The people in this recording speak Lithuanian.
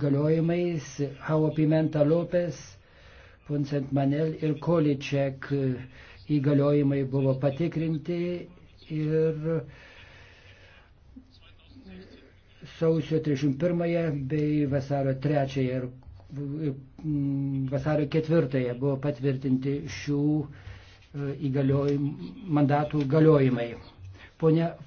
galiojimais Havo Pimenta Lopes, Puncent Manel ir Količek įgaliojimai buvo patikrinti ir sausio 31 bei vasario 3 ir mm, vasario 4 buvo patvirtinti šių e, įgaliojimų mandatų galiojimai. Pone